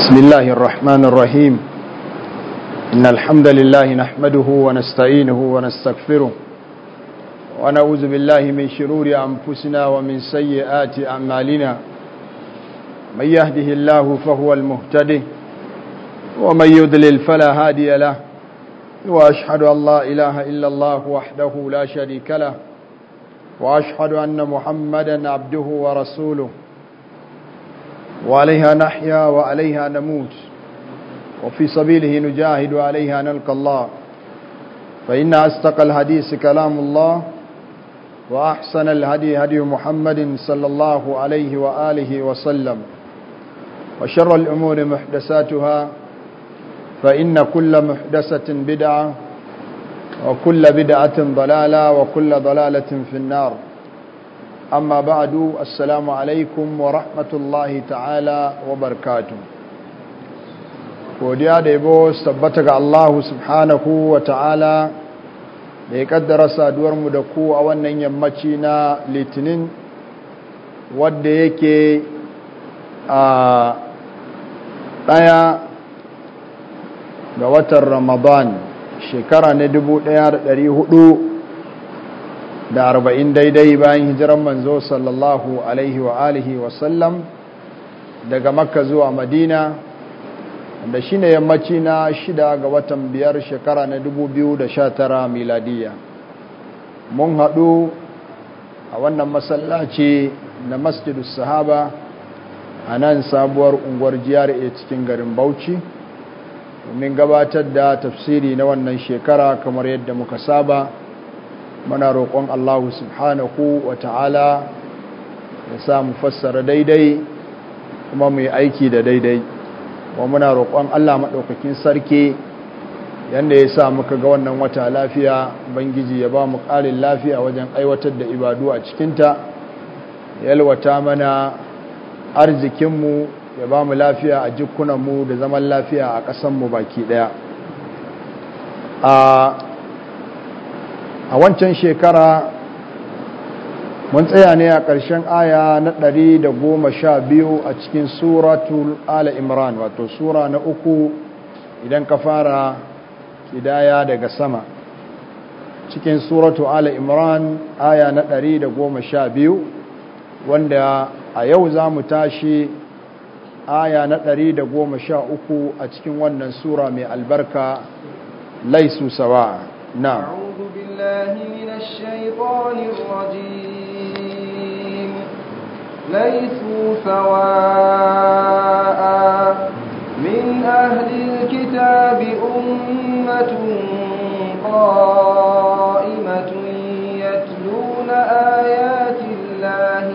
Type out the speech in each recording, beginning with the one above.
بسم الله الرحمن الرحيم إن الحمد لله نحمده ونستعينه ونستغفره ونعوذ بالله من شرور أنفسنا ومن سيئات أعمالنا من يهده الله فهو المهتدي ومن يضلل فلا هادي له وأشهد أن لا إله إلا الله وحده لا شريك له وأشهد أن محمدا عبده ورسوله وعليها نحيا وعليها نموت وفي سبيله نجاهد وعليها نلقى الله فإن أستقى الحديث كلام الله وأحسن الهدي هدي محمد صلى الله عليه وآله وسلم وشر الأمور محدثاتها فإن كل محدثة بدعة وكل بدعة ضلالة وكل ضلالة في النار amma ba'du assalamu alaikum wa rahmatullahi ta'ala wa barkatu godiya da yabo tabbata ga Allah subhanahu wa ta'ala da ya kaddara saduwar mu da ku a wannan yammaci na litinin wadda yake a ɗaya ga watan ramadan shekara na 1400 da arba'in daidai bayan hijiran manzo sallallahu alaihi wa alihi wasallam daga makka zuwa madina da shi ne yammaci na shida ga watan biyar shekara na 2019 miladiya mun haɗu a wannan masallaci na masjidu sahaba a nan sabuwar unguwar jiyar cikin garin bauchi domin gabatar da tafsiri na wannan shekara kamar yadda muka saba muna roƙon Allah subhanahu wa ta'ala ya sa mu fassara daidai kuma mu yi aiki da daidai wa muna roƙon Allah maɗaukakin sarki yadda ya sa muka ga wannan wata lafiya bangiji ya ba mu ƙarin lafiya wajen aiwatar da ibadu a cikinta yalwata mana arzikinmu ya ba mu lafiya a jikunanmu da zaman lafiya a ƙasanmu baki ɗaya a wancan shekara mun tsaya ne a ƙarshen aya na ɗari da goma sha a cikin suratul ala imran wato sura na uku idan ka fara kidaya daga sama cikin suratul ala imran aya na ɗari wanda a yau za mu tashi aya na ɗari da goma sha uku a cikin wannan sura mai albarka laisu sawa na بالله من الشيطان الرجيم ليسوا سواء من أهل الكتاب أمة قائمة يتلون آيات الله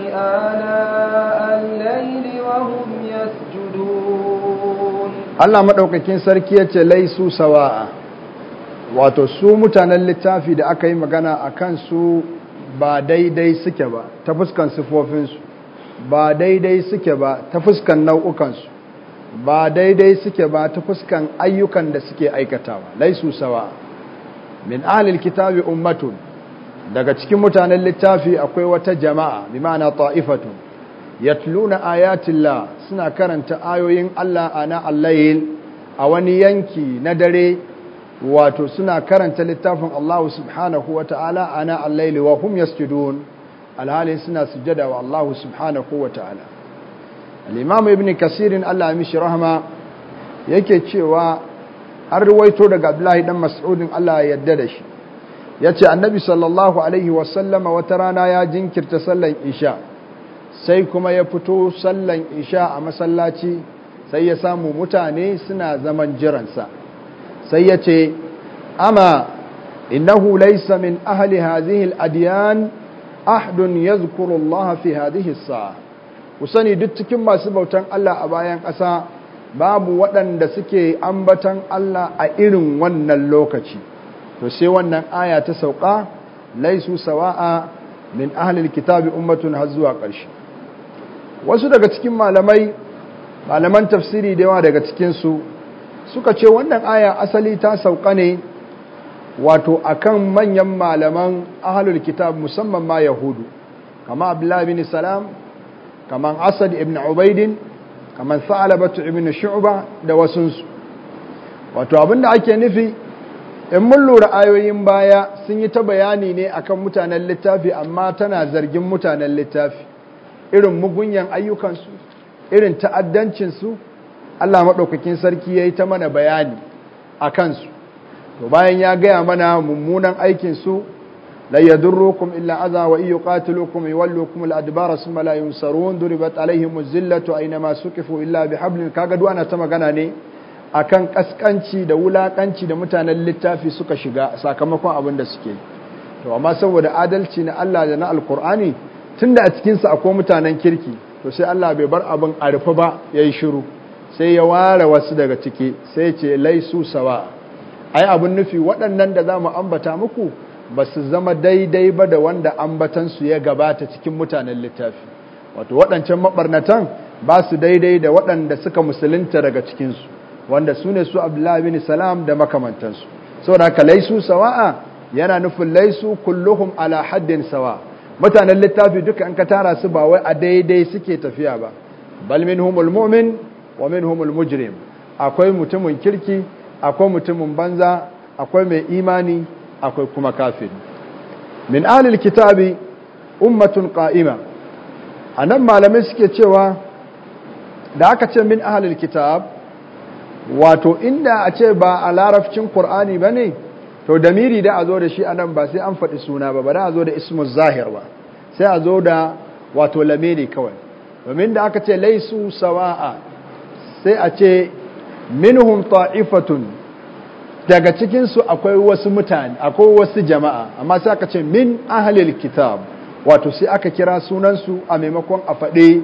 آناء الليل وهم يسجدون الله مدعوك كين سركية ليسوا سواء wato su mutanen littafi da aka yi magana a kansu ba daidai suke ba ta fuskan sifofinsu ba daidai suke ba ta fuskan nau'ukansu ba daidai suke ba ta fuskan ayyukan da suke aikatawa laisu sawa min ahlil kitabi ummatun daga cikin mutanen littafi akwai wata jama'a bi ma'ana ta'ifatu yatluna ayatillah suna karanta ayoyin Allah ana allayl a wani yanki na dare wato suna karanta littafin Allah subhanahu wa ta'ala ana allaili wa hum yasjudun alhali suna sujada wa Allah subhanahu wa ta'ala al ibn kasirin Allah mishi rahama yake cewa an ruwaito daga Abdullahi ɗan Mas'udin Allah ya yarda da shi Ya ce annabi sallallahu alaihi wa sallama wata rana ya jinkirta sallan isha sai kuma ya fito sallan isha a masallaci sai ya samu mutane suna zaman jiransa sai ya ce amma innahu laisa min ahali hazihil adiyan ahdun ahdun zukuru Allah fi hazihisa ku sani duk cikin masu bautan Allah a bayan ƙasa babu waɗanda suke ambatan Allah a irin wannan lokaci to sai wannan aya ta sauka laisu sawa'a min ahlil kitabi ummatun har zuwa ƙarshe wasu daga cikin malamai malaman tafsiri da yawa daga cikinsu suka ce wannan aya asali ta sauka ne wato akan manyan malaman ahlul kitab musamman ma yahudu kama abdullahi bin salam kaman asad ibn ubaidin kaman sa'alabatu ibn shu'ba da wasunsu wato abinda ake nufi in mun lura ayoyin baya sun yi ta bayani ne akan mutanen littafi amma tana zargin mutanen littafi irin mugunyan ayyukansu irin ta'addancinsu Allah maɗaukakin sarki ya yi ta mana bayani a kansu to bayan ya gaya mana mummunan aikinsu la yadurrukum illa aza wa iya qatilukum yuwallukum al-adbara summa la yunsarun duribat alaihim az-zillatu masu kifo illa bihablin kaga duk ana ta magana ne akan ƙasƙanci da wulaƙanci da mutanen littafi suka shiga sakamakon abin da suke to amma saboda adalci na Allah da na alkur'ani tunda a cikinsa akwai mutanen kirki to sai Allah bai bar abin a rufe ba ya yi shiru sai ya ware wasu daga ciki sai ce laisu sawa ai abun nufi waɗannan da za mu ambata muku ba su zama daidai ba da wanda ambatansu ya gabata cikin mutanen littafi wato waɗancan maɓarnatan ba su daidai da waɗanda suka musulunta daga cikin su wanda su ne su abdullahi bin salam da makamantansu saboda ka laisu sawa'a yana nufin laisu kulluhum ala haddin sawa mutanen littafi duka an ka tara su ba wai a daidai suke tafiya ba bal minhumul mu'min wa humul mujrim akwai mutumin kirki akwai mutumin banza akwai mai imani akwai kuma kafiri min ahlil kitabi ummatun qa'ima anan malamai suke cewa da aka ce min ahlil kitab wato inda a ce ba a larabcin qur'ani bane to damiri da a zo da shi anan ba sai an faɗi suna ba ba da a zo da ismu zahir ba sai a zo da wato lamiri kawai domin da aka ce laisu sawa'a sai a ce minhum ta'ifatun daga cikinsu akwai wasu mutane akwai wasu jama'a amma sai aka ce min ahlil kitab wato sai aka kira sunansu a maimakon a faɗe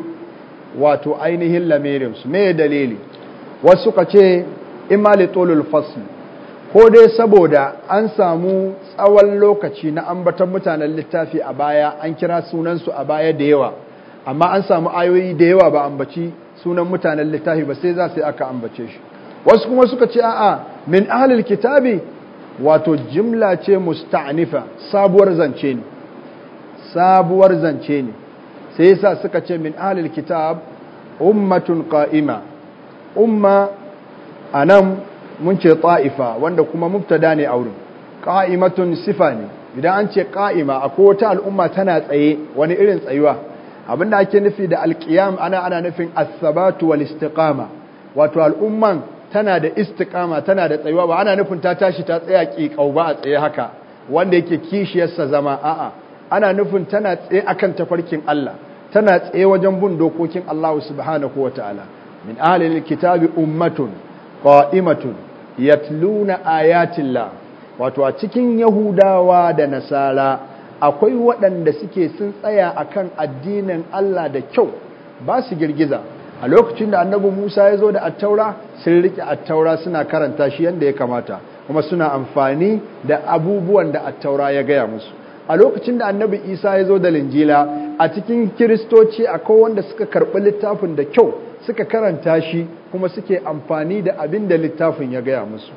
wato ainihin lamirinsu me dalili wasu ka ce imali tolul fasl ko dai saboda an samu tsawon lokaci na ambatan mutanen littafi a baya an kira sunansu a baya da yawa amma an samu ayoyi da yawa ba ambaci sunan mutanen littafi ba sai za su yi aka ambace shi wasu kuma suka ce a'a min ahlil kitabi wato jimla ce musta'nifa sabuwar zance ne sabuwar zance ne sai yasa suka ce min ahlil kitab ummatun qa'ima umma anan mun ce ta'ifa wanda kuma mubtada ne wurin qa'imatun sifa ne idan an ce qa'ima akwai wata al'umma tana tsaye wani irin tsayuwa abin da ake nufi da alkiyam ana ana nufin as-sabatu wal istiqama wato al'umman tana da istiqama tana da tsayuwa ba ana nufin ta tashi ta tsaya ƙiƙau ba a tsaye haka wanda yake kishiyarsa zama a'a ana nufin tana tsaye akan tafarkin Allah tana tsaye wajen bin dokokin Allah subhanahu wataala min ahlil kitabi ummatun qa'imatun yatluna ayatillah wato a cikin yahudawa da nasara akwai waɗanda suke sun tsaya akan addinin Allah da kyau ba su girgiza a lokacin da annabi Musa ya zo da attaura sun rike attaura suna karanta shi yadda ya kamata kuma suna amfani da abubuwan da attaura ya gaya musu a lokacin da annabi Isa ya zo da linjila a cikin kiristoci akwai wanda suka karɓi littafin da kyau suka karanta shi kuma suke amfani da abin da littafin ya gaya musu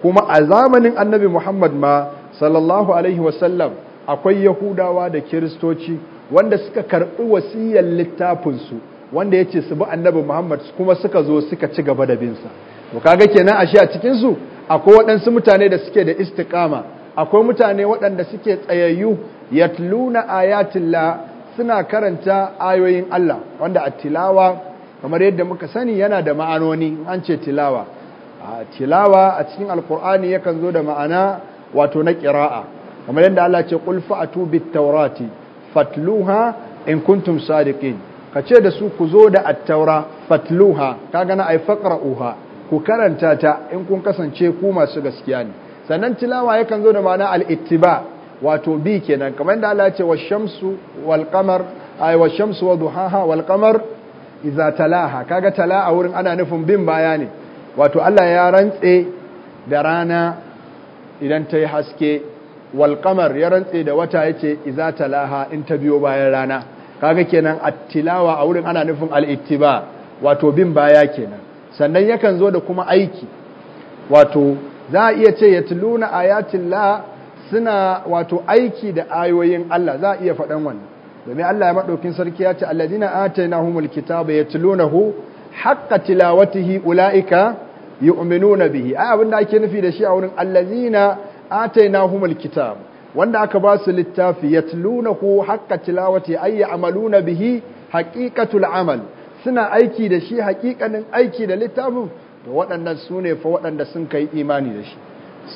kuma a zamanin annabi Muhammad ma sallallahu alaihi wasallam akwai yahudawa da kiristoci wanda suka karɓi wasiyyar littafinsu wanda ya ce su bi annabi muhammad kuma suka zo suka ci gaba da binsa to kaga kenan ashe a cikinsu akwai waɗansu mutane da suke da istikama akwai mutane waɗanda suke tsayayyu yatluna ayatilla suna karanta ayoyin Allah wanda a tilawa kamar yadda muka sani yana da ma'anoni an ce tilawa a tilawa a cikin alkur'ani yakan zo da ma'ana wato na ƙira'a kamar yadda Allah ce qul fa'tu bit tawrati fatluha in kuntum sadiqin ka ce da su ku zo da at-taura fatluha kaga na ai faqra'uha ku karanta ta in kun kasance ku masu gaskiya ne sannan tilawa yakan zo da ma'ana al-ittiba wato bi kenan kamar yadda Allah ce wash-shamsu wal-qamar ay wash wa duhaha wal-qamar idza talaha kaga tala a wurin ana nufin bin baya ne wato Allah ya rantse da rana idan ta yi haske walƙamar ya rantse da wata ya ce iza talaha in ta biyo bayan rana kaga kenan attilawa a wurin ana nufin al'ittiba wato bin baya kenan sannan yakan zo da kuma aiki wato za a iya ce ya tiluna ayatin la suna wato aiki da ayoyin Allah za a iya faɗan wannan domin Allah ya maɗaukin sarki ya ce alladina atainahumul kitaba yatlunahu haqqa tilawatihi ulaika yu'minuna bihi ai abin da ake nufi da shi a wurin allazina atainahumul kitab wanda aka ba su littafi ku haqqa tilawati ay amaluna bihi haqiqatul amal suna aiki da shi haqiqanin aiki da littafin to waɗannan su fa waɗanda sun kai imani da shi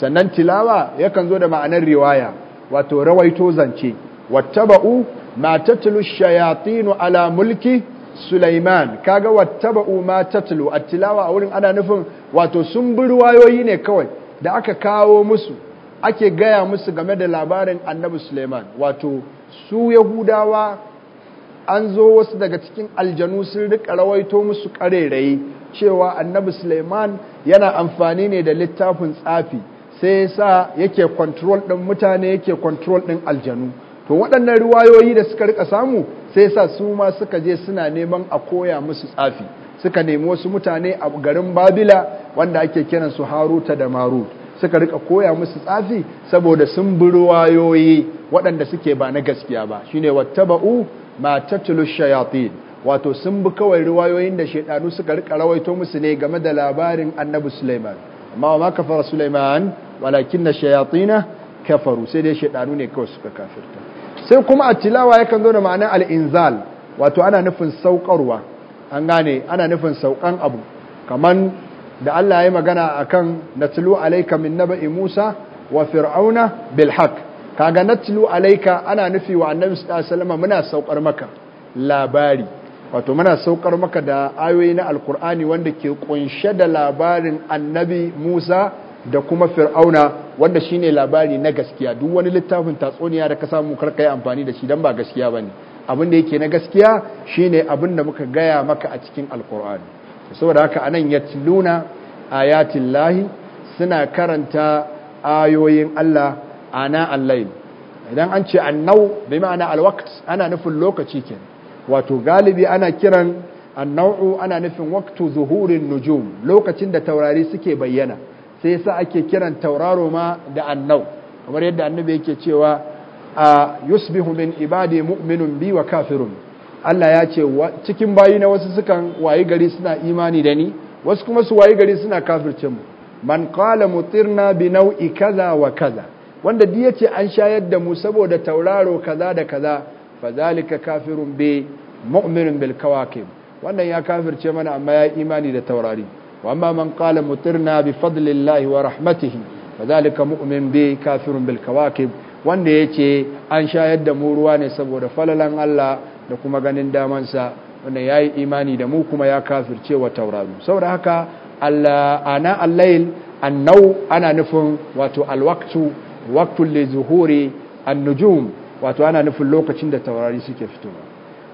sannan tilawa yakan zo da ma'anar riwaya wato rawaito zance wattaba'u ma tatlu shayatinu ala mulki Sulaiman kaga wattaba'u ma tatlu at-tilawa a wurin ana nufin wato sun bi ruwayoyi ne kawai da aka kawo musu ake gaya musu game da labarin annabi Suleiman wato su Yahudawa an zo wasu daga cikin aljanu sun rika rawaito musu ƙarerayi cewa annabi Suleiman yana amfani ne da littafin tsafi sai ya sa yake control ɗin mutane yake control ɗin aljanu to waɗannan riwayoyi da suka rika samu sai sa su ma suka je suna neman a koya musu tsafi suka nemi wasu mutane a garin Babila wanda ake kiransu Haruta da Marut suka rika koya musu tsafi saboda sun burwayoyi waɗanda suke ba na gaskiya ba shine wattaba'u ma tatlu shayatin wato sun bi kawai ruwayoyin da shaidanu suka rika rawaito musu ne game da labarin annabi Sulaiman amma ma kafara Sulaiman walakinna shayatina kafaru sai dai shaidanu ne kawai suka kafirta sai kuma a tilawa yakan zo da ma'anar al'inzal inzal wato ana nufin saukarwa an gane ana nufin saukan abu kaman da Allah ya yi magana a akan natlu alaika min ba'i Musa wa fir'auna bil kaga natlu alaika ana nufi wa annabi sallallahu muna saukar maka labari wato muna saukar maka da ayoyi na alkur'ani wanda ke kunshe da labarin annabi Musa da kuma fir'auna wanda shine labari na gaskiya duk wani littafin tatsuniya da ka samu karkai amfani da shi dan ba gaskiya bane abin da yake na gaskiya shine abin da muka gaya maka a cikin alkur'ani saboda haka anan yatluna ayatin lahi suna karanta ayoyin Allah ana allail idan an ce annau bai ma'ana waqt ana nufin lokaci kenan wato galibi ana kiran annau'u ana nufin waqtu zuhurin nujum lokacin da taurari suke bayyana sai yasa ake kiran tauraro ma da annau kamar yadda annabi yake cewa a yusbihu min ibadi mu'minun bi wa kafirun Allah ya ce cikin bayi na wasu sukan wayi gari suna imani da ni wasu kuma su wayi gari suna kafirce mu man qala mutirna bi nau'i kaza wa kaza wanda duk yace an shayar da mu saboda tauraro kaza da kaza fa zalika kafirun bi mu'minun bil kawakib wannan ya kafirce mana amma ya imani da taurari wa amma man qala mutirna bi fadlillahi wa rahmatihi fa zalika mu'min bi kafirun bil kawakib wanda yace an shayar da mu ruwa ne saboda falalan Allah da kuma ganin damansa wanda ya yi imani da mu kuma ya kafirce wa taurari saboda haka ana allail annau ana nufin wato alwaktu waktun li zuhuri annujum wato ana nufin lokacin da taurari suke fitowa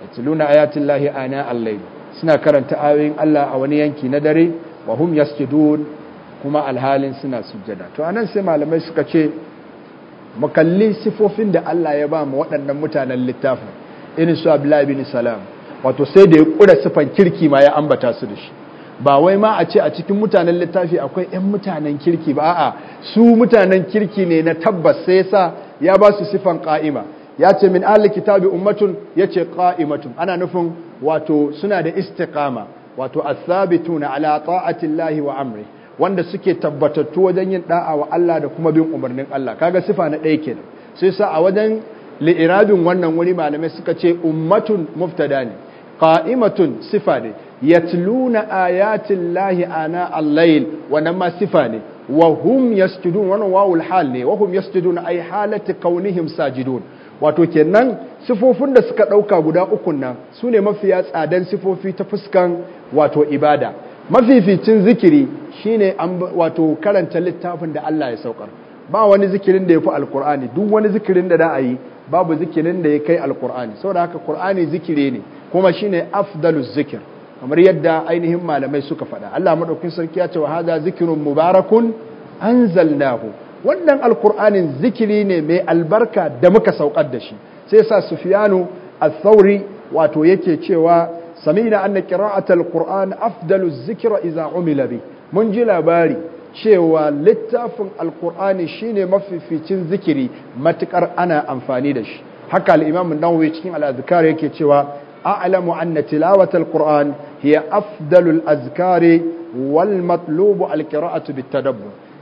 yatluna ayatin lahi ana allail suna karanta ayoyin Allah a wani yanki na dare wa hum yasjudun kuma alhalin suna sujjada to anan sai malamai suka ce mu sifofin da Allah ya ba mu waɗannan mutanen littafin irin su abdullahi bin salam wato sai da ya kura sifan kirki ma ya ambata su da shi ba wai ma a ce a cikin mutanen littafi akwai 'yan mutanen kirki ba a'a su mutanen kirki ne na tabbas sai sa ya ba su sifan ƙa'ima ya ce min ahli kitabi ummatun ya ce ƙa'imatun ana nufin wato suna da istiqama wato asabituna ala ta'atillahi wa amri wanda suke tabbatattu wajen yin da'a wa Allah da kuma bin umarnin Allah kaga sifa na ɗaya kenan sai sa a wajen li'irabin wannan wuri malamai suka ce ummatun muftada ne qa'imatun sifa ne yatluna ayatin lahi ana al-layl wannan ma sifa ne wa hum yasjudun wannan wawul hal ne wa hum yasjudun ay halati kaunihim sajidun wato kenan sifofin da suka dauka guda uku nan sune mafiya tsadan sifofi ta fuskan wato ibada mafificin zikiri shine wato karanta littafin da Allah ya saukar ba wani zikirin da ya fi alqur'ani duk wani zikirin da da a yi babu zikirin da ya kai alkur'ani saboda haka kur'ani zikiri ne kuma shine afdalu zikir kamar yadda ainihin malamai suka faɗa Allah madaukakin sarki ya ce wa hada zikirun mubarakun anzalnahu wannan alkur'anin zikiri ne mai albarka da muka saukar da shi sai sa sufiyanu al-thauri wato yake cewa samina anna qira'atul qur'an afdalu zikra iza umila bi mun ji labari cewa littafin alkur'ani shine mafificin zikiri matukar ana amfani da shi haka al'imamu imam cikin al yake cewa a'lamu anna tilawata quran hiya afdalul azkari wal matlubu al ta bit ya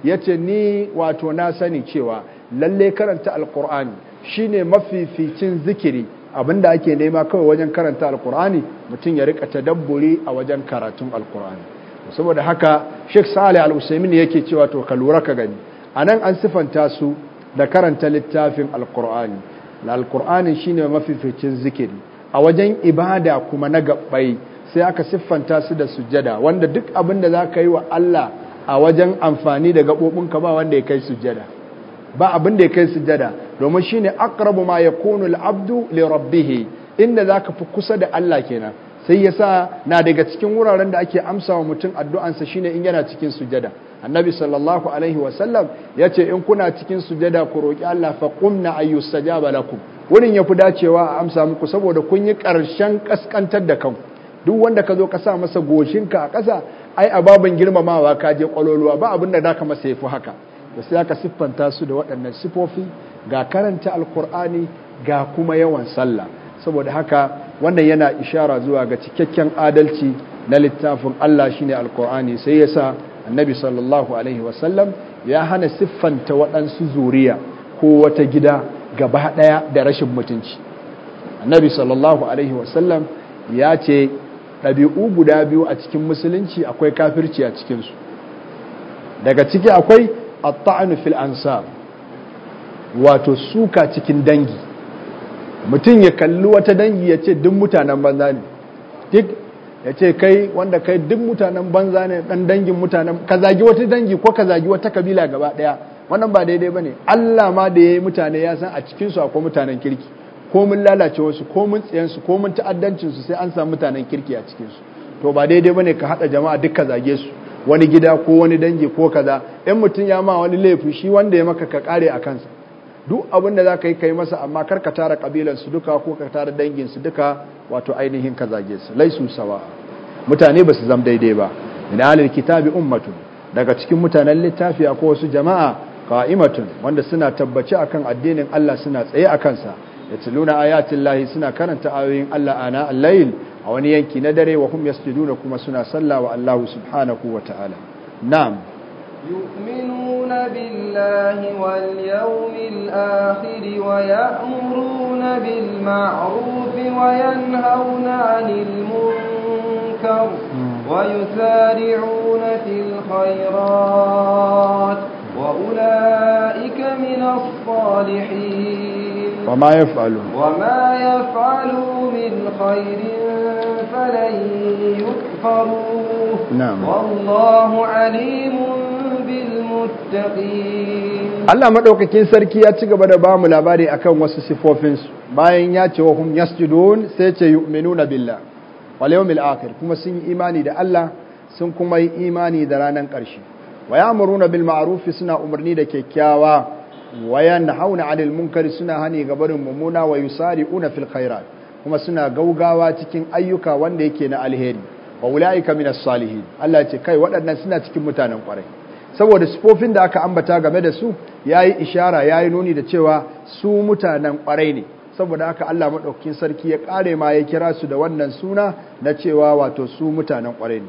yace ni wato na sani cewa lalle karanta alkur'ani shine mafificin zikiri abinda ake nema kawai wajen karanta alkur'ani mutum ya rika tadabburi a wajen karatun alkur'ani saboda haka Sheikh sale al ne yake cewa to ka lura ka gani anan an sifanta su da karanta littafin al'kur'ani qurani Al-Qur'ani shine mafificin zikiri a wajen ibada kuma na gabbai sai aka siffanta su da sujada wanda duk abin da ka yi wa Allah a wajen amfani da ka ba wanda ya kai sujada ba abin da ya kai sujada domin shine aqrabu ma yakunu al-abdu li rabbihi inda zaka fi kusa da Allah kenan sai ya sa na daga cikin wuraren da ake amsa wa mutum addu'ansa shine in yana cikin sujada annabi sallallahu alaihi wasallam ce in kuna cikin sujada ku roƙi Allah fa ja ayyustajaba lakum wurin ya fi dacewa a amsa muku saboda kun yi ƙarshen ƙasƙantar da kanku duk wanda ka zo ka sa masa goshinka a ƙasa ai a babin girmamawa ka je kwaloluwa ba abin da zaka masa fi haka da sai aka siffanta su da waɗannan sifofi ga karanta alkur'ani ga kuma yawan sallah saboda haka wannan yana ishara zuwa ga cikakken adalci na littafin Allah shine alkur'ani sai yasa annabi sallallahu alaihi wasallam ya hana siffanta waɗansu zuriya ko wata gida gaba ɗaya da rashin mutunci annabi sallallahu alaihi wasallam ya ce ɗabi'u guda biyu a cikin musulunci akwai kafirci a cikinsu daga ciki akwai at-ta'anu fil ansar wato suka cikin dangi mutum ya kalli wata dangi ya ce duk mutanen banza ne duk ya ce kai wanda kai duk mutanen banza ne dan dangin mutanen ka zagi wata dangi ko ka zagi wata kabila gaba daya wannan ba daidai bane Allah ma da yayi mutane ya san a cikinsu su akwai mutanen kirki ko mun lalace wasu ko mun tsayen su ko mun ta'addancin su sai an samu mutanen kirki a cikinsu to ba daidai bane ka hada jama'a duk ka zage su wani gida ko wani dangi ko kaza in mutum ya ma wani laifi shi wanda ya maka ka kare a kansa duk abin da za ka yi ka masa amma kar ka tara su duka ko ka tara dangin su duka wato ainihin ka zage su laisu sawa mutane ba su zam daidai ba min alil kitabi ummatun daga cikin mutanen littafi ko wasu jama'a qa'imatun wanda suna tabbaci akan addinin Allah suna tsaye a kansa yatluna ayatin lahi suna karanta ayoyin Allah ana al-layl a wani yanki na dare wa hum yasjuduna kuma suna sallah wa Allah subhanahu wa ta'ala na'am يؤمنون بالله واليوم الآخر ويأمرون بالمعروف وينهون عن المنكر ويسارعون في الخيرات وأولئك من الصالحين وما يفعلون وما يفعلوا من خير فلن يكفروه نعم والله عليم Allah maɗaukakin sarki ya ci gaba da ba mu labari akan wasu sifofinsu bayan ya ce wa hum yasjudun sai ce yu'minuna billah wal yawmil akir kuma sun yi imani da Allah sun kuma yi imani da ranar ƙarshe wa ya'muruna bil ma'arufi suna umarni da kyakkyawa wa na alil munkari suna hani gabarin mummuna wa yusari'una fil khairat kuma suna gaugawa cikin ayyuka wanda yake na alheri wa ula'ika minas salihin Allah ce kai waɗannan suna cikin mutanen ƙwarai saboda sifofin da aka ambata game da su yayi ishara yayi nuni da cewa su mutanen kwarai ne saboda aka Allah madaukakin sarki ya ƙare ma ya kira su da wannan suna na cewa wato su mutanen kwarai ne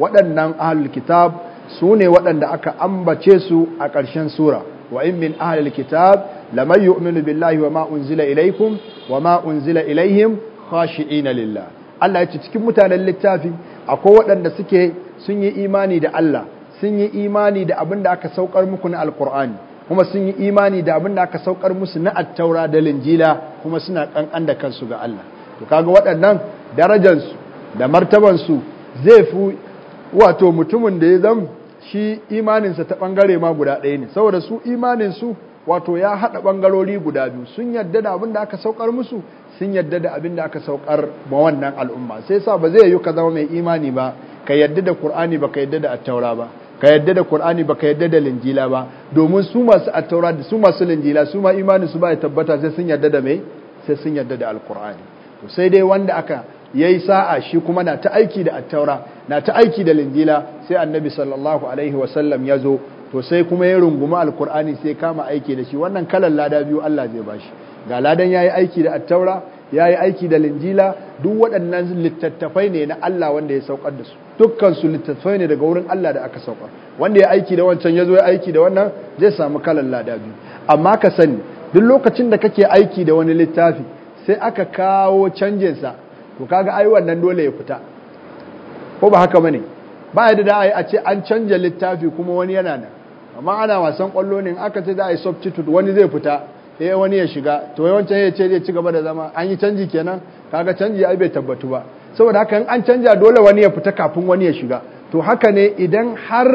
waɗannan ahlul kitab su ne waɗanda aka ambace su a ƙarshen sura wa in min ahlul kitab lamay yu'minu billahi wa ma unzila ilaykum wa ma unzila ilayhim khashi'ina lillah Allah ya ce cikin mutanen littafi akwai waɗanda suke sun yi imani da Allah sun yi imani da abin da aka saukar muku na alkur'ani kuma sun yi imani da abin da aka saukar musu na attaura da linjila kuma suna kankan da kansu ga Allah to kaga waɗannan darajansu da martabansu zai fi wato mutumin da ya zam shi imaninsa ta ɓangare ma guda ɗaya ne saboda su imaninsu wato ya haɗa ɓangarori guda biyu sun yadda da abin da aka saukar musu sun yadda da abin da aka saukar ma wannan al'umma sai sa ba zai yi ka zama mai imani ba ka yadda da Kur'ani ba ka yadda da attaura ba ka yadda da Qur'ani ba ka yadda da linjila ba domin su masu attaura da su masu linjila su ma imani su ba ya tabbata sai sun yadda da mai sai sun yadda da alkur'ani to sai dai wanda aka yayi sa'a shi kuma na ta aiki da attaura na ta aiki da linjila sai annabi sallallahu alaihi wa sallam ya zo to sai kuma ya runguma alkur'ani sai kama aiki da shi wannan kalan lada biyu Allah zai bashi ga ladan yayi aiki da attaura ya yi aiki da linjila duk waɗannan littattafai ne na Allah wanda ya saukar da su dukkansu littattafai ne daga wurin Allah da aka saukar wanda ya aiki da wancan ya zo aiki da wannan zai samu kalan lada biyu amma ka sani duk lokacin da kake aiki da wani littafi sai aka kawo canjinsa to kaga ai wannan dole ya fita ko ba haka bane ba yadda da a ce an canja littafi kuma wani yana nan amma ana wasan kwallo ne aka ce za a yi substitute wani zai fita eh wani ya shiga to wancan ya ce zai ci gaba da zama an yi canji kenan kaga canji ai bai tabbatu ba saboda haka an canja dole wani ya fita kafin wani ya shiga to haka ne idan har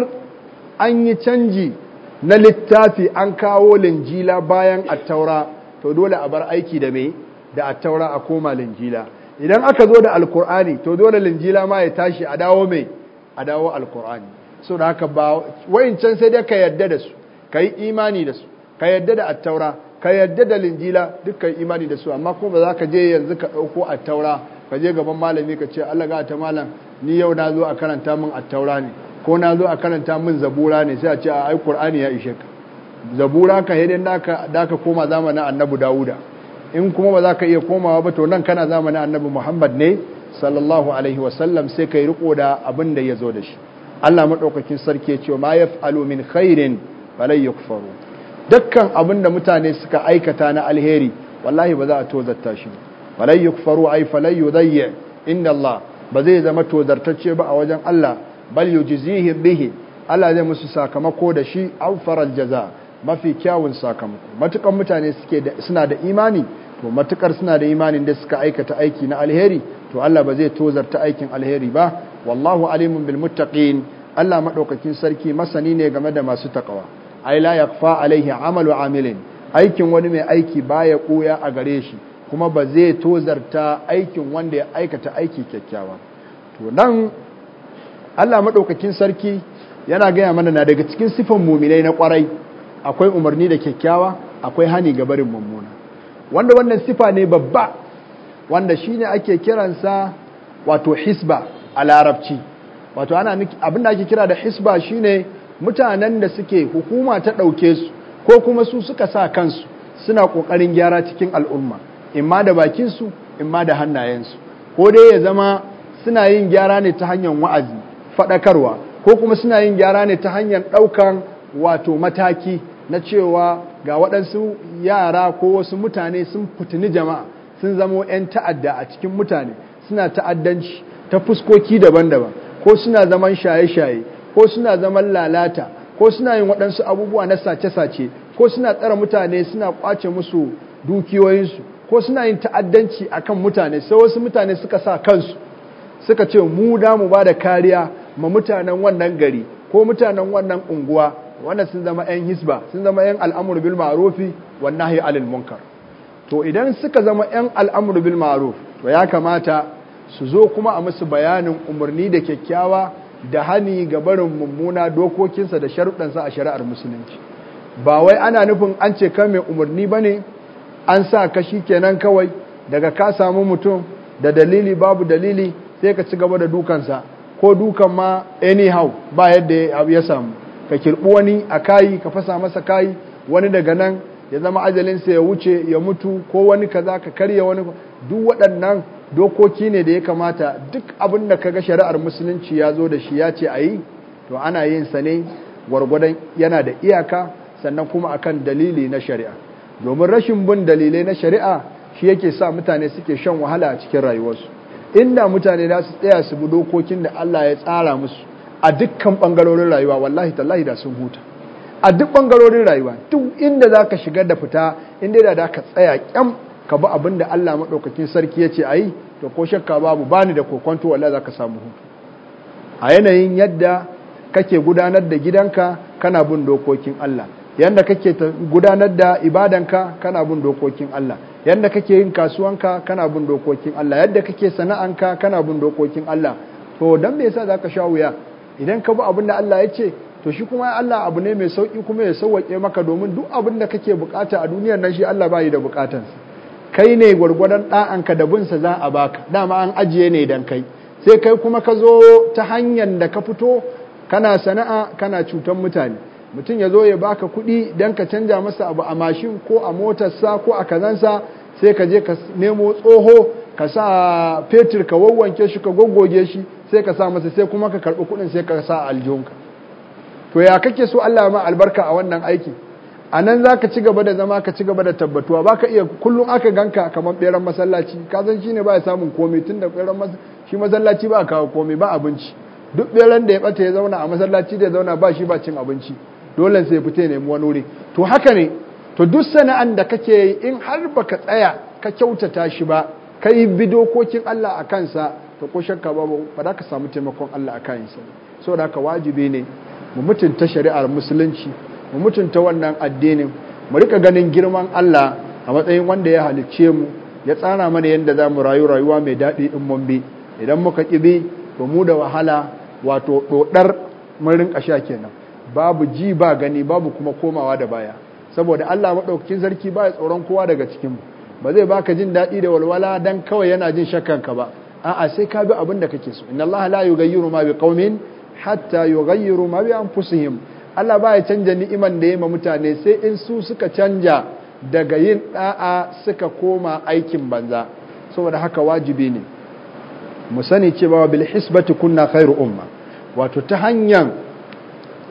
an yi canji na littafi an kawo linjila bayan attaura to dole a bar aiki da me da attaura a koma linjila idan aka zo da alkur'ani to dole linjila ma ya tashi a dawo mai a dawo alkur'ani so haka ba wayancan sai dai ka yadda da su ka yi imani da su ka yadda da attaura ka yadda da linjila dukkan imani da su amma kuma ba za ka je yanzu ka ɗauko a taura ka je gaban malami ka ce Allah ga ta malam ni yau na zo a karanta min a taura ne ko na zo a karanta min zabura ne sai a ce a ai qur'ani ya ishe ka zabura ka hede naka da ka koma zamanin annabi dawuda in kuma ba za ka iya komawa ba to nan kana zamanin annabi muhammad ne sallallahu alaihi wasallam sai ka yi riko da abin da ya zo da shi Allah madaukakin sarki ya ce ma yaf'alu min khairin falai yakfaru dukkan abin da mutane suka aikata na alheri wallahi ba za a tozarta shi falai yukfaru ay falai yudayya inda Allah ba zai zama tozartacce ba a wajen Allah bal yujzihi bihi Allah zai musu sakamako da shi faral jaza mafi kyawun sakamako matukan mutane suke da suna da imani to matukar suna da imanin da suka aikata aiki na alheri to Allah ba zai tozarta aikin alheri ba wallahu alimun bil muttaqin Allah madaukakin sarki masani ne game da masu takawa ai la yakfa alaihi amalu amilin aikin wani mai aiki baya koya a gare shi kuma ba zai tozarta aikin wanda ya aikata aiki kyakkyawa to nan Allah madaukakin sarki yana gaya mana na daga cikin sifan muminai na kwarai akwai umarni da kyakkyawa akwai hani ga barin mummuna wanda wannan sifa ne babba wanda shine ake kiransa wato hisba a larabci wato ana abin da ake kira da hisba shine mutanen da suke hukuma ta ɗauke su ko kuma su suka sa kansu suna ƙoƙarin gyara cikin al'umma imma da bakinsu imma da hannayensu ko dai ya zama suna yin gyara ne ta hanyar wa'azi faɗakarwa ko kuma suna yin gyara ne ta hanyar ɗaukan wato mataki na cewa ga waɗansu yara ko wasu mutane sun fitini jama'a sun zamo 'yan ta'adda a cikin mutane suna ta'addanci ta fuskoki daban-daban ko suna zaman shaye-shaye ko suna zaman lalata ko suna yin waɗansu abubuwa na sace-sace ko suna tsara mutane suna kwace musu dukiyoyinsu ko suna yin ta'addanci a kan mutane sai wasu mutane suka sa kansu suka ce mu da mu ba da kariya ma mutanen wannan gari ko mutanen wannan unguwa wannan sun zama 'yan hisba sun zama 'yan al'amur bil ma'rufi wan nahyi anil munkar to idan suka zama 'yan al'amur bil ma'ruf to ya kamata su zo kuma a musu bayanin umarni da kyakkyawa da hani ga barin mummuna dokokinsa da sharuɗansa a shari'ar musulunci ba wai ana nufin an ce ka mai umarni ba ne an sa ka shi kenan kawai daga ka samu mutum da dalili babu dalili sai ka ci gaba da dukansa ko dukan ma anyhow ba yadda ya samu ka kirɓi wani a kayi ka fasa masa kayi wani daga nan ya zama ajalinsa ya wuce ya mutu ko wani kaza ka karya wani duk waɗannan dokoki ne da ya kamata duk abin da kaga shari'ar musulunci ya zo da shi ya ce a yi to ana yin sa ne gwargwadon yana da iyaka sannan kuma akan dalili na shari'a domin rashin bin dalilai na shari'a shi yake sa mutane suke shan wahala a cikin rayuwarsu inda mutane da su tsaya su bi dokokin da Allah ya tsara musu a dukkan bangarorin rayuwa wallahi tallahi da sun huta a duk bangarorin rayuwa duk inda zaka shiga da fita inda da ka tsaya kyam ka bi abin da Allah maɗaukakin sarki ya ce a yi to ko shakka babu ba ni da kokonto wallahi za ka samu hutu a yanayin yadda kake gudanar da gidanka kana bin dokokin Allah yadda kake gudanar da ibadanka kana bin dokokin Allah yadda kake yin kasuwanka kana bin dokokin Allah yadda kake sana'anka kana bin dokokin Allah to dan me yasa zaka sha wuya idan ka bi abin da Allah ya ce to shi kuma Allah abu ne mai sauki kuma ya sauwake maka domin duk abin da kake bukata a duniyar nan shi Allah bai da bukatansa kai ne gwargwadon ɗa'anka da bunsa za a baka dama an ajiye ne dan kai sai kai kuma ka zo ta hanyar da ka fito kana sana'a kana cutar mutane mutum ya zo ya baka kuɗi dan ka canja masa abu a mashin ko a motarsa ko a kazansa sai ka je ka nemo tsoho ka sa fetur ka wawwanke shi ka goggoge shi sai ka sa masa sai kuma ka karɓi kuɗin sai ka sa aljihunka to ya kake so Allah ma albarka a wannan aikin. anan nan za ka ci gaba da zama ka ci gaba da tabbatuwa ba ka iya kullum aka ganka kamar ɓeran masallaci kasan shi ne ba ya samun komai tun da ɓeran shi masallaci ba a kawo komai ba abinci duk ɓeran da ya bata ya zauna a masallaci da ya zauna ba shi ba cin abinci dole sai fita nemi wani wuri to haka ne to duk sana'an da kake yi in har baka tsaya ka kyautata shi ba ka yi bi dokokin Allah a kansa to ko shakka babu ba za ka samu taimakon Allah a kansa saboda haka wajibi ne mu mutunta shari'ar musulunci mu mutunta wannan addinin mu rika ganin girman Allah a matsayin wanda ya halicce mu ya tsara mana yadda za mu rayu rayuwa mai daɗi in mun bi idan muka ƙibi to mu da wahala wato ɗoɗar mun rinka sha kenan babu ji ba gani babu kuma komawa da baya saboda Allah maɗaukakin sarki ba ya tsoron kowa daga cikin mu ba zai baka jin daɗi da walwala dan kawai yana jin shakkan ka ba a'a sai ka bi abin da kake so inna Allah la yughayyiru ma biqaumin hatta yughayyiru ma bi anfusihim Allah ba ya canja ni'iman da ya ma mutane sai in su suka canja daga yin da'a suka koma aikin banza saboda haka wajibi ne mu sani cewa bil hisbati kunna khairu umma wato ta hanyar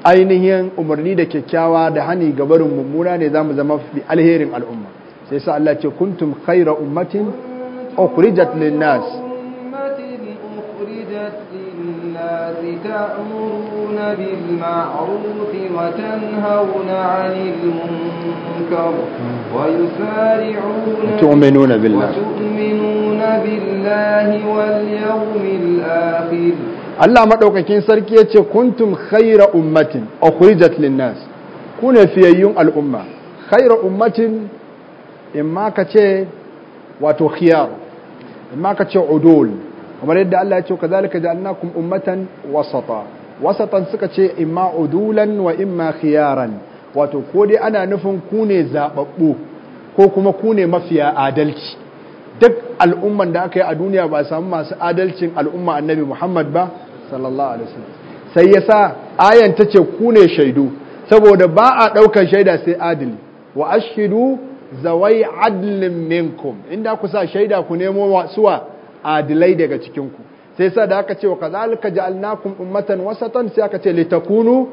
ainihin umarni da kyakkyawa da hani ga barin mummuna ne zamu zama fi alherin al'umma sai sa Allah ce kuntum khaira ummatin ukhrijat lin nas الناس تأمرون بالمعروف وتنهون عن المنكر ويسارعون وتؤمنون بالله وتؤمنون بالله واليوم الآخر Allah maɗaukakin sarki ya ce kuntum khaira ummatin ukhrijat linnas ku ne fiyayyun al'umma khaira ummatin in ma ka ce wato khiyar in ma ka ce udul kamar yadda Allah ya ce kazalika ja'alnakum ummatan wasata wasatan suka ce imma udulan wa imma khiyaran wato ko dai ana nufin ku ne zababbu ko kuma ku ne mafiya adalci duk al'umman da aka yi a duniya ba samu masu adalcin al'umma annabi Muhammad ba sallallahu alaihi wasallam sai yasa ayan ta ce ku ne shaidu saboda ba a daukar shaida sai adil wa ashhidu zawai adlin minkum inda ku sa shaida ku nemo suwa adilai daga cikinku sai sa da aka ce wa kazalika ja'alnakum ummatan wasatan sai aka ce litakunu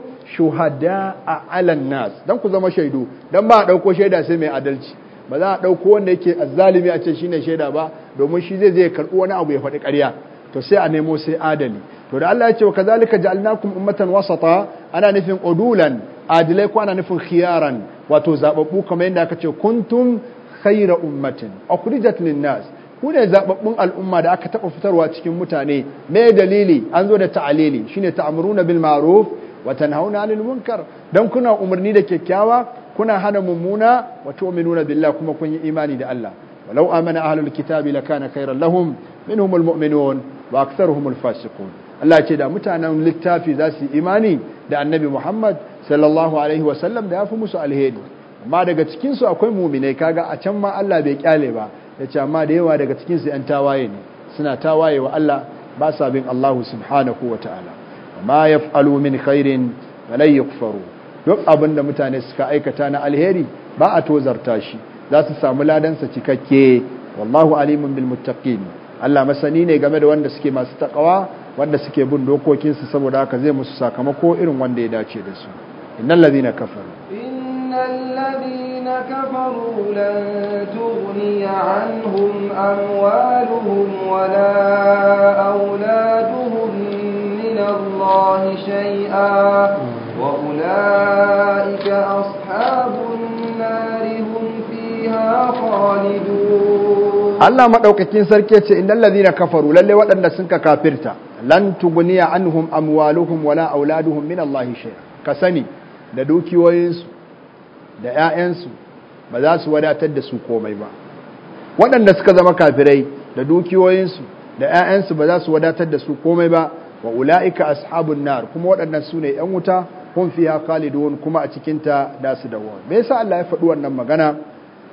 a 'alan nas dan ku zama shaidu dan ba a dauko shaida sai mai adalci ba za a dauko wanda yake azzalimi a ce shine shaida ba domin shi zai zai karbi wani abu ya faɗi ƙarya to sai a nemo sai adali to da Allah ya ce wa kazalika ja'alnakum ummatan wasata ana nufin udulan adilai ko ana nufin khiyaran wato zababbu kamar yadda aka ce kuntum khayra ummatin akhrijat lin nas ku ne zababbun al'umma da aka taɓa fitarwa cikin mutane me dalili an zo da ta'alili shine na bil ma'ruf watan hauna 'anil munkar dan kuna umarni da kyakkyawa kuna hana mummuna wato wa nuna billah kuma kun yi imani da Allah walau amana ahlul kitabi lakana khairan lahum minhumul mu'minun wa aktharuhumul fasiqun Allah ce da mutanen littafi za su yi imani da annabi Muhammad sallallahu alaihi wasallam da ya fi musu alheri amma daga cikinsu akwai muminai kaga a can ma Allah bai kyale ba ya ce amma da yawa daga cikinsu 'yan tawaye ne suna tawaye wa Allah ba sa bin Allah subhanahu wa ta'ala ma ya fa'alu min khairin balai ya kufaru duk abin da mutane suka aikata na alheri ba a tozarta shi za su samu ladansa cikakke wallahu alimun bil muttaqin Allah masani ne game da wanda suke masu takawa wanda suke bin dokokinsu saboda haka zai musu sakamako irin wanda ya dace da su innal na kafaru الذين كفروا لن تغني عنهم أموالهم ولا أولادهم من الله شيئا وأولئك أصحاب النار هم فيها خالدون الله مدوكتين سركيتي إن الذين كفروا للي ودن سنك كافرتا لن تغني عنهم أموالهم ولا أولادهم من الله شيئا كسني da dukiyoyinsu da 'ya'yansu ba za su wadatar da su komai ba waɗanda suka zama kafirai da dukiyoyinsu da 'ya'yansu ba za su wadatar da su komai ba wa ula'ika ashabun nar kuma waɗannan su ne 'yan wuta hun fiya khalidun kuma a cikinta da su da wani me yasa Allah ya faɗi wannan magana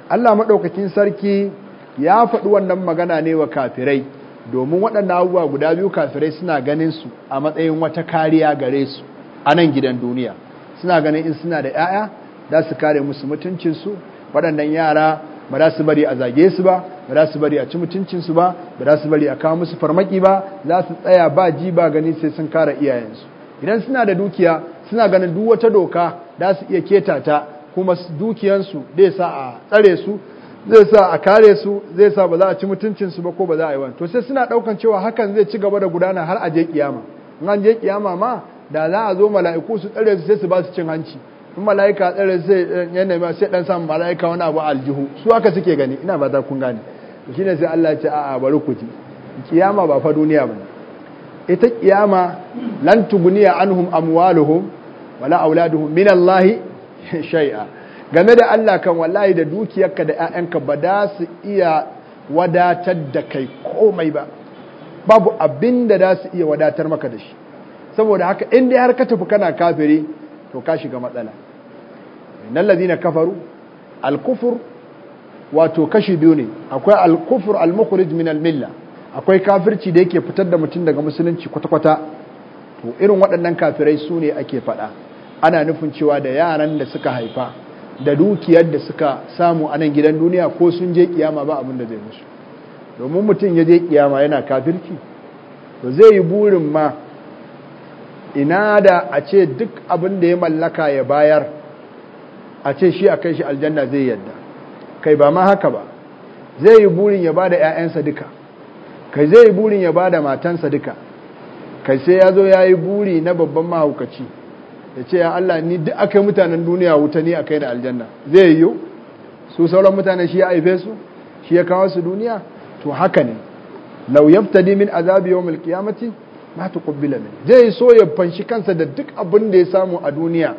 Allah madaukakin sarki ya faɗi wannan magana ne wa kafirai domin waɗannan abubuwa guda biyu kafirai suna ganin su a matsayin wata kariya gare su a nan gidan duniya suna ganin in suna da 'ya'ya za su kare musu mutuncinsu waɗannan yara ba za su bari a zage su ba ba za su bari a ci mutuncinsu ba ba za su bari a kawo musu farmaki ba za su tsaya ba ji ba gani sai sun kare iyayensu idan suna da dukiya suna ganin duk wata doka za su iya keta ta kuma dukiyansu zai sa a tsare su zai sa a kare su zai sa ba za a ci mutuncinsu ba ko ba za a yi wani to sai suna ɗaukan cewa hakan zai ci gaba da gudana har a je kiyama in an je kiyama ma da za a zo mala'iku su tsare su sai su ba su cin hanci in mala'ika tsere eh, sai yana sai dan samu mala'ika wani abu aljihu su aka suke gani ina ba za kun shi shine sai Allah ya ce a'a bari ku ji kiyama ba fa duniya bane ita kiyama lan tugniya anhum amwaluhum wala auladuhum min Allah shay'a game da Allah kan wallahi da dukiyarka da ƴaƴanka ba da su iya wadatar da kai komai ba babu abin da za su iya wadatar maka da shi saboda haka in dai har ka tafi kana kafiri to ka shiga matsala innal kafaru Alkufur wato kashi biyu ne akwai Alkufur almukhrij al min almilla milla akwai kafirci da yake fitar da mutum daga musulunci kwata-kwata to irin waɗannan kafirai su ne ake faɗa ana nufin cewa da yaran da suka haifa da dukiyar da suka samu a nan gidan duniya ko sun je kiyama ba abin da zai musu domin mutum ya je kiyama yana kafirci to zai yi burin ma ina da a ce duk abin da ya mallaka ya bayar a ce shi a kai shi aljanna zai yadda kai ba ma haka ba zai yi burin ya bada da 'ya'yansa duka kai zai yi burin ya ba da matansa duka kai sai ya zo ya yi buri na babban mahaukaci ya ce ya Allah ni duk aka yi mutanen duniya wuta ni a kai da aljanna zai yiwu su sauran mutane shi ya haife su shi ya kawo su duniya to haka ne lau yaftadi min azabi yawmil qiyamati ma tuqbila min zai so ya fanshi kansa da duk abin da ya samu a duniya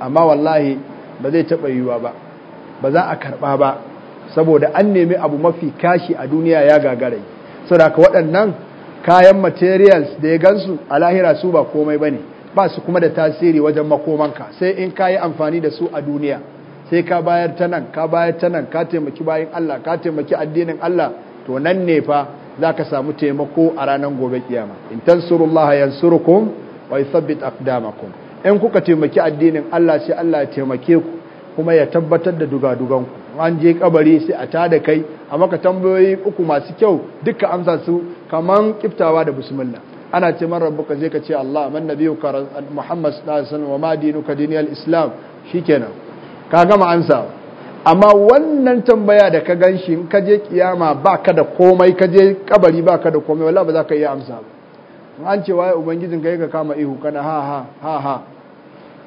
amma wallahi ba zai taɓa yiwuwa ba ba za a karɓa ba saboda an nemi abu mafi kashi a duniya ya gagarai saboda ka waɗannan kayan materials da ya gansu a lahira su ba komai ba ne ba su kuma da tasiri wajen makomanka sai in ka yi amfani da su a duniya sai ka bayar ta nan ka bayar ta nan ka taimaki bayan Allah ka taimaki addinin Allah to nan ne fa za ka samu taimako a ranar gobe kiyama in tansurullaha yansurukum wa yuthabbit aqdamakum in kuka taimaki addinin Allah sai Allah ya taimake ku kuma ya tabbatar da dugadugan ku an je kabari sai a tada kai a maka tambayoyi uku masu kyau duka amsa su kaman kiftawa da bismillah ana ce man rabbuka zai ka ce Allah man nabiyuka Muhammad sallallahu alaihi wasallam wa ma dinuka diniyal islam shikenan ka gama amsa amma wannan tambaya da ka ganshi in ka je kiyama baka da komai ka je kabari baka da komai wallahi ba za ka iya amsa ba in an ce waye ubangijin yi ka kama ihu kana ha ha ha ha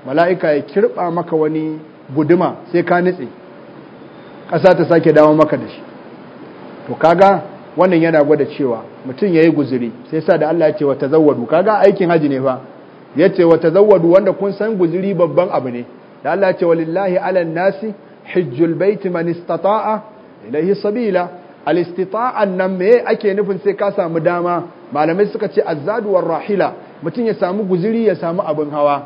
mala'ika ya kirba maka wani guduma sai ka nitse ƙasa ta sake dawo maka da shi to kaga wannan yana gwada cewa mutum ya yi guzuri sai sa da Allah ya ce wa tazawwadu kaga aikin haji ne fa ce wa tazawwadu wanda kun san guzuri babban abu ne da Allah ya ce lillahi ala nasi hijjul baiti man istata'a ilayhi sabila al istita'an nan me ake nufin sai ka samu dama malamai suka ce azzaduwar rahila mutum ya samu guziri ya samu abin hawa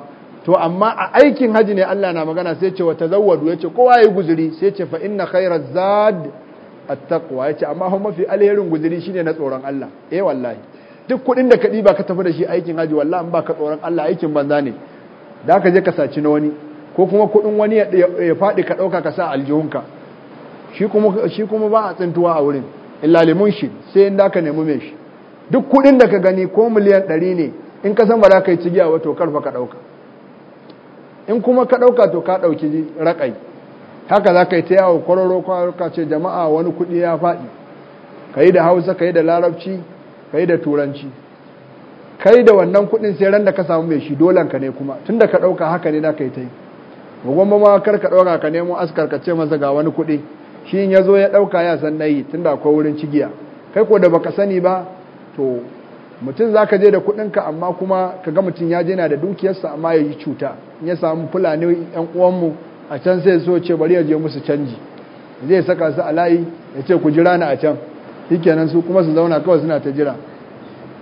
to amma a aikin haji ne Allah na magana sai ce wa tazawwadu yace kowa yayi guziri sai ce fa inna khairaz zad at-taqwa yace amma hon mafi alherin guziri shine na tsoron Allah eh wallahi duk kudin da ka diba ka tafi da shi aikin haji wallahi in baka tsoron Allah aikin banza ne da ka je ka saci na wani ko kuma kudin wani ya fadi ka dauka ka sa aljihunka shi kuma shi kuma ba a tsintuwa a wurin illa limun shi sai in da ka nemi mai shi duk kudin da ka gani ko miliyan 100 ne in ka san ba za ka yi cigiya wato karfa ka dauka in kuma ka dauka to ka dauki rakai haka za ka yi ta yawo kwararo ka ce jama'a wani kudi ya faɗi ka yi da hausa ka yi da larabci ka yi da turanci kai da wannan kudin sai ran da ka samu mai shi dolan ka ne kuma tunda ka dauka haka ne da kai tai gwamma ma kar ka dauka ka nemo askar ka ce masa ga wani kudi shi in ya dauka ya san nayi tunda akwai wurin cigiya kai ko da baka sani ba to mutum za ka je da kuɗinka amma kuma ka ga mutum ya je na da dukiyarsa amma ya yi cuta ya samu fulani yan uwanmu a can sai so ce bari ya je musu canji zai saka su a layi ya ce ku jira ni a can shikenan su kuma su zauna kawai suna ta jira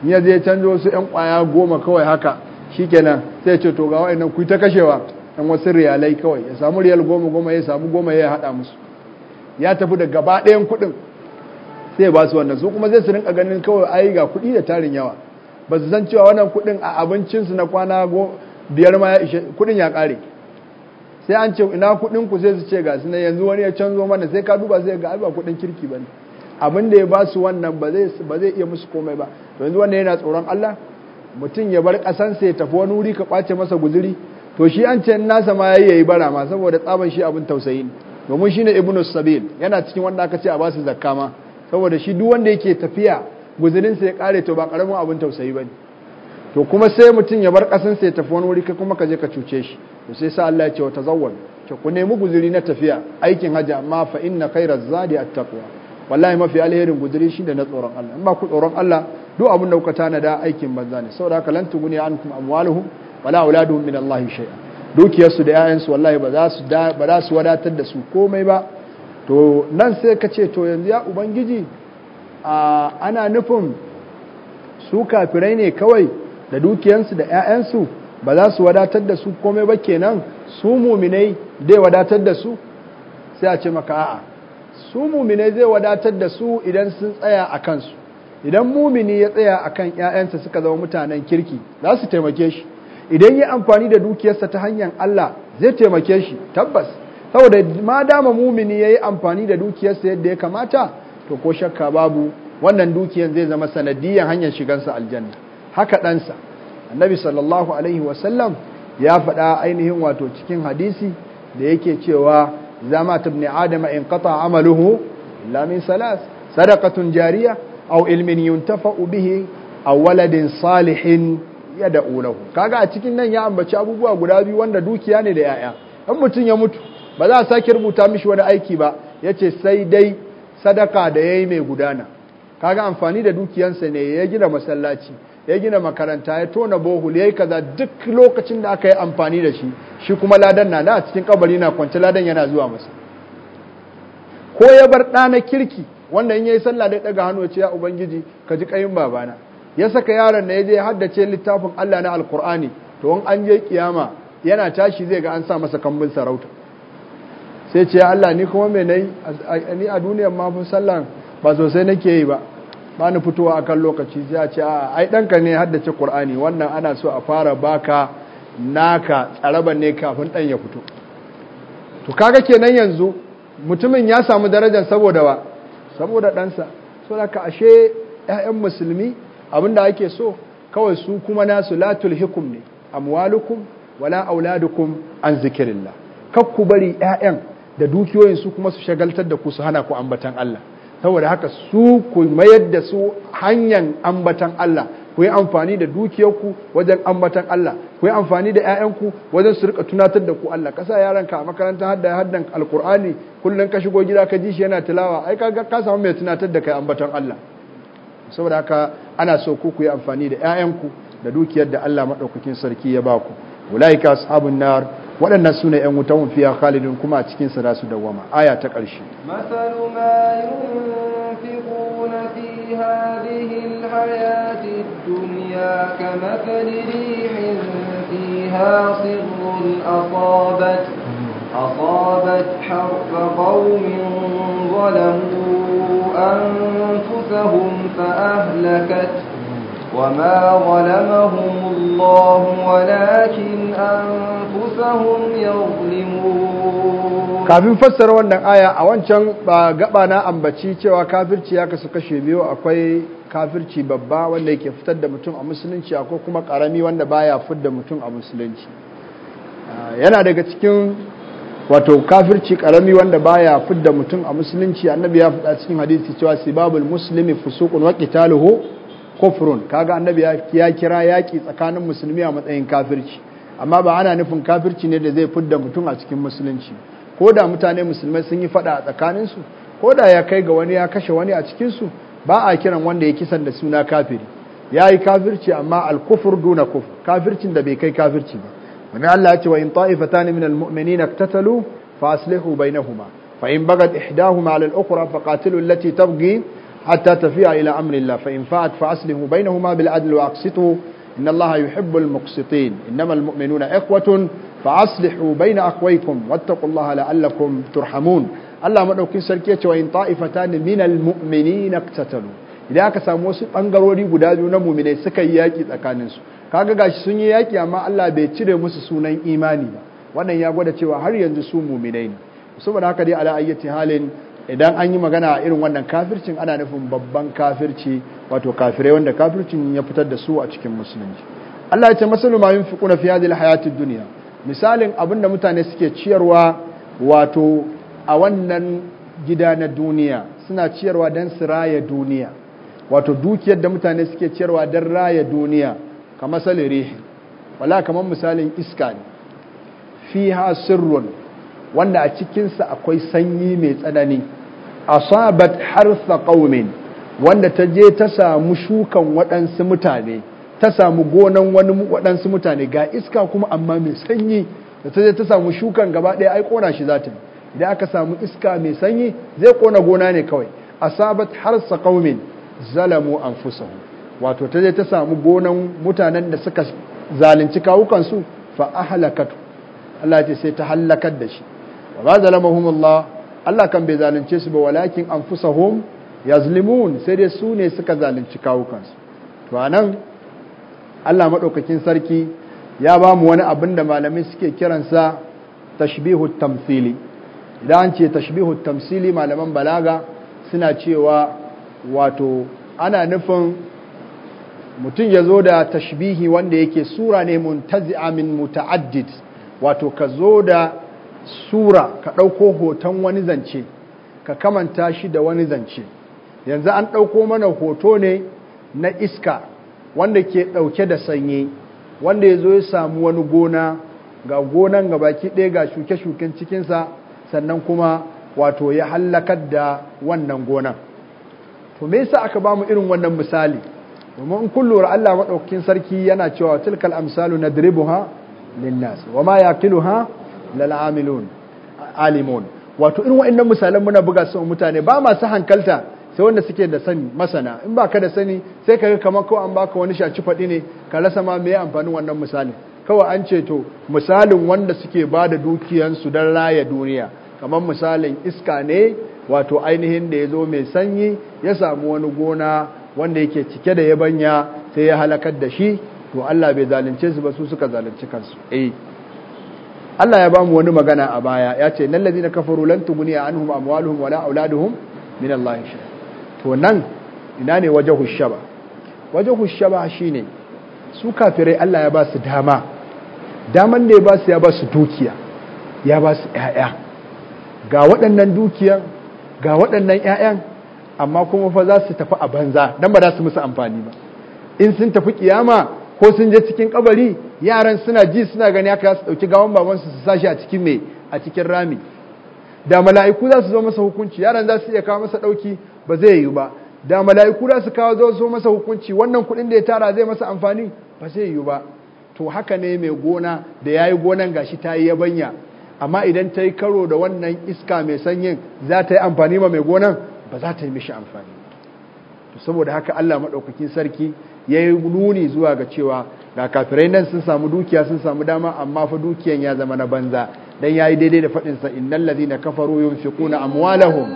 in ya je canjo su yan kwaya goma kawai haka shikenan sai ce to ga wa'annan ku ta kashewa yan wasu riyalai kawai ya samu riyal goma goma ya samu goma ya haɗa musu ya tafi da gaba ɗayan kuɗin sai ba su wannan su kuma zai su rinka ganin kawai ayi ga kuɗi da tarin yawa ba su san cewa wannan kuɗin a abincinsu na kwana biyar ma ya kuɗin ya kare sai an ce ina kuɗin ku sai su ce ga su na yanzu wani ya canzo mana sai ka duba sai ga ba kuɗin kirki ba ne abin da ya ba su wannan ba zai iya musu komai ba to yanzu wannan yana tsoron Allah mutum ya bar ƙasansa ya tafi wani wuri ka kwace masa guzuri to shi an ce nasa ma yayi yi bara ma saboda tsaban shi abin tausayi domin shine ibnu sabil yana cikin wanda aka ce a ba su zakka ma saboda shi duk wanda yake tafiya guzurinsa ya kare to ba karamin abin tausayi ba ne to kuma sai mutum ya bar ƙasansa ya tafi wani wuri kai kuma ka je ka cuce shi to sai sa Allah ya ce wa tazawwal ke ku nemi guzuri na tafiya aikin hajji amma fa inna khairaz zadi at-taqwa wallahi mafi alherin guzuri shi da na tsoron Allah in ba ku tsoron Allah duk abin da kuka tanada aikin banza ne saboda haka lan tuguni ankum amwaluhum wala auladuhum min Allah shay'a dukiyarsu da 'ya'yansu wallahi ba za su wadatar da su komai ba to nan sai ka ce to yanzu ya ubangiji ana nufin su kafirai ne kawai da dukiyansu da 'ya'yansu ba za su wadatar da su komai ba kenan su muminai dai wadatar da su sai a ce maka a'a su muminai zai wadatar da su idan sun tsaya a kansu idan mumini ya tsaya a kan 'ya'yansa suka zama mutanen kirki za su taimake shi idan ya amfani da dukiyarsa ta hanyar Allah zai taimake shi tabbas saboda ma dama mumini yi amfani da dukiyarsa yadda ya kamata to ko shakka babu wannan dukiyar zai zama sanadiyar hanyar shigansa aljanna haka ɗansa annabi sallallahu alaihi wasallam ya faɗa ainihin wato cikin hadisi da yake cewa zama tabni adama in qata amaluhu lamin salas sadakatun jariya aw ilmin yuntafa'u bihi aw waladin salihin yad'u lahu kaga a cikin nan ya ambaci abubuwa guda biyu wanda dukiya ne da yaya in mutum ya mutu ba za a sake rubuta mishi wani aiki ba yace sai dai sadaka da ya yi mai gudana kaga amfani da dukiyansa ne ya gina masallaci ya gina makaranta ya tona bohul yi kaza duk lokacin da aka yi amfani da shi shi kuma ladan na na a cikin kabari na kwance ladan yana zuwa masa ko ya bar ɗana kirki wanda in yayi sallah dai daga hannu ya ce ya ubangiji ka ji kayin babana ya saka yaron na ya je haddace littafin Allah na alkur'ani to in an je kiyama yana tashi zai ga an sa masa kambin sarauta sai ce Allah ni kuma me nayi ni a duniyar ma sallan ba sosai nake yi ba ba ni fitowa akan lokaci sai ce a ai danka ne haddace Qur'ani wannan ana so a fara baka naka tsaraban ne kafin ɗan ya fito to kaga kenan yanzu mutumin ya samu darajar saboda wa saboda ɗansa saboda ka ashe 'ya'yan musulmi abinda ake so kawai su kuma nasu latul hikum ne amwalukum wala auladukum an zikirillah kakku bari 'ya'yan da dukiyoyin su kuma su shagaltar da ku su hana ku ambatan Allah saboda haka su ku mayar da su hanyar ambatan Allah ku yi amfani da dukiyarku wajen ambatan Allah ku yi amfani da 'ya'yanku wajen su rika tunatar da ku Allah kasa yaranka a makaranta hadda haddan alkur'ani kullum ka shigo gida ka ji shi yana tilawa ai ka ka samu mai tunatar da kai ambatan Allah saboda haka ana so ku ku yi amfani da 'ya'yanku da dukiyar da Allah madaukakin sarki ya ba ku ulaika ashabun nar waɗannan su 'yan 'yan wutan fiya khalidun kuma a cikinsa za su wama aya ta ƙarshe masalu ma yunfiquna fi hadhihi alhayati ad-dunya kamathali rihin fiha sirrun asabat asabat harfa qaumin zalamu anfusahum fa ahlakat وما ظلمهم الله ولكن أنفسهم يظلمون kafin fassara wannan aya a wancan gaba na ambaci cewa kafirci ya kasu kashe biyu akwai kafirci babba wanda yake fitar da mutum a musulunci akwai kuma karami wanda baya fitar da mutum a musulunci ah, yana daga cikin wato kafirci karami wanda baya fitar da mutum a musulunci annabi ya faɗa cikin hadisi cewa sibabul muslimi fusuqun wa qitaluhu kufrun kaga annabi ya kira yaki tsakanin musulmi a matsayin kafirci amma ba ana nufin kafirci ne da zai fidda mutum a cikin musulunci ko da mutane musulmai sun yi fada a tsakanin su ko da ya kai ga wani ya kashe wani a cikin su ba a kiran wanda ya kisan da suna kafiri yayi kafirci amma alkufur duna kufr kafircin da bai kai kafirci ba wani Allah ya ce wa in ta'ifatan min al-mummini al-mu'minin iktatalu fa aslihu bainahuma fa in bagat ihdahuma ala al-ukhra fa qatilu allati tabghi tafiya حتى تفيء in أمر الله فإن فات فأسله بينهما بالعدل وأقسطه إن الله يحب المقسطين إنما المؤمنون إخوة فأصلحوا بين أخويكم واتقوا الله لعلكم ترحمون الله مدوكين سركية ni طائفتان من na اقتتلوا idan aka samu wasu bangarori guda biyu na muminai suka yi yaki tsakaninsu kaga gashi sun yi yaki amma Allah bai cire musu sunan imani ba wannan ya gwada cewa har yanzu su muminai ne saboda haka dai ala ayyati halin idan an yi magana a irin wannan kafircin ana nufin babban kafirci wato kafirai wanda kafircin ya fitar da su a cikin musulunci Allah ya ce masalu ma yunfiquna fi hadhihi alhayati dunya misalin abinda mutane suke ciyarwa wato a wannan gida na duniya suna ciyarwa dan su raya duniya wato dukiyar da mutane suke ciyarwa dan raya duniya kamar salire wala kamar misalin iska ne fiha sirrun wanda a cikinsa akwai sanyi mai tsanani asabat harsa qaumin wanda ta je ta samu shukan waɗansu mutane ta samu gonan wani waɗansu mutane ga iska kuma amma mai sanyi da ta je ta samu shukan gaba ɗaya ai kona shi za idan aka samu iska mai sanyi zai kona gona ne kawai asabat harsa qaumin zalamu anfusahum wato ta je ta samu gonan mutanen da suka zalunci kawukansu fa ahlakatu Allah ce sai ta halakar da shi wa ma zalamahumullah Allah kan bai zalunce su ba walakin anfusahum yazlimun sai dai su ne suka zalunci kawukansu to anan Allah madaukakin sarki ya ba mu wani abin da malamai suke kiransa tashbihu tamsili idan an ce tashbihu tamsili malaman balaga suna cewa wato ana nufin mutum ya zo da tashbihi wanda yake sura ne muntazi'a min muta'addid wato ka zo da sura ka ɗauko hoton wani zance ka kamanta shi da wani zance yanzu an ɗauko mana hoto ne na iska wanda ke ɗauke da sanyi wanda ya zo ya samu wani gona ga gonan ga baki ɗaya ga shuke-shuken cikinsa sannan kuma wato ya hallakar da wannan gonan to me yasa aka bamu irin wannan misali domin in kun lura Allah maɗaukakin sarki yana cewa tilkal amsalu nadribuha linnas wama yaqiluha lal'amilun alimun wato in wa'annan misalan muna buga su mutane ba masu hankalta sai wanda suke da sani masana in ba ka da sani sai ka ga kamar ko an baka wani shaci faɗi ne ka rasa ma me amfanin wannan misali kawai an ce to misalin wanda suke ba da dukiyansu don raya duniya kamar misalin iska ne wato ainihin da ya zo mai sanyi ya samu wani gona wanda yake cike da yabanya sai ya halakar da shi to Allah bai zalunce su ba su suka zalunci kansu eh Allah ya bamu wani magana a baya ya ce nan na kafaru lan tuguni anhum amwaluhum wala auladuhum min Allah shi to nan ina ne waje shaba wajhu shi shine su kafire Allah ya ba su dama daman ne ba su ya ba su dukiya ya ba su ƴaƴa ga waɗannan dukiyan ga waɗannan yayan amma kuma fa za su tafi a banza dan ba za su musu amfani ba in sun tafi ƙiyama. ko sun je cikin kabari yaran suna ji suna gani haka su dauki gawan baban su sashi a cikin me a cikin rami da mala'iku za su zo masa hukunci yaran za su iya kawo masa dauki ba zai yi ba da mala'iku za su kawo zo zo masa hukunci wannan kuɗin da ya tara zai masa amfani ba zai yi ba to haka ne mai gona da yayi gonan gashi ta yi yabanya amma idan ta yi karo da wannan iska mai sanyin za ta yi amfani ma mai gonan ba za ta yi mishi amfani saboda haka Allah maɗaukakin sarki ya yi nuni zuwa ga cewa ga kafirai nan sun samu dukiya sun samu dama amma fa dukiyan ya zama na banza dan yi daidai da fadinsa sa innal ladina kafaru yunfiquna amwalahum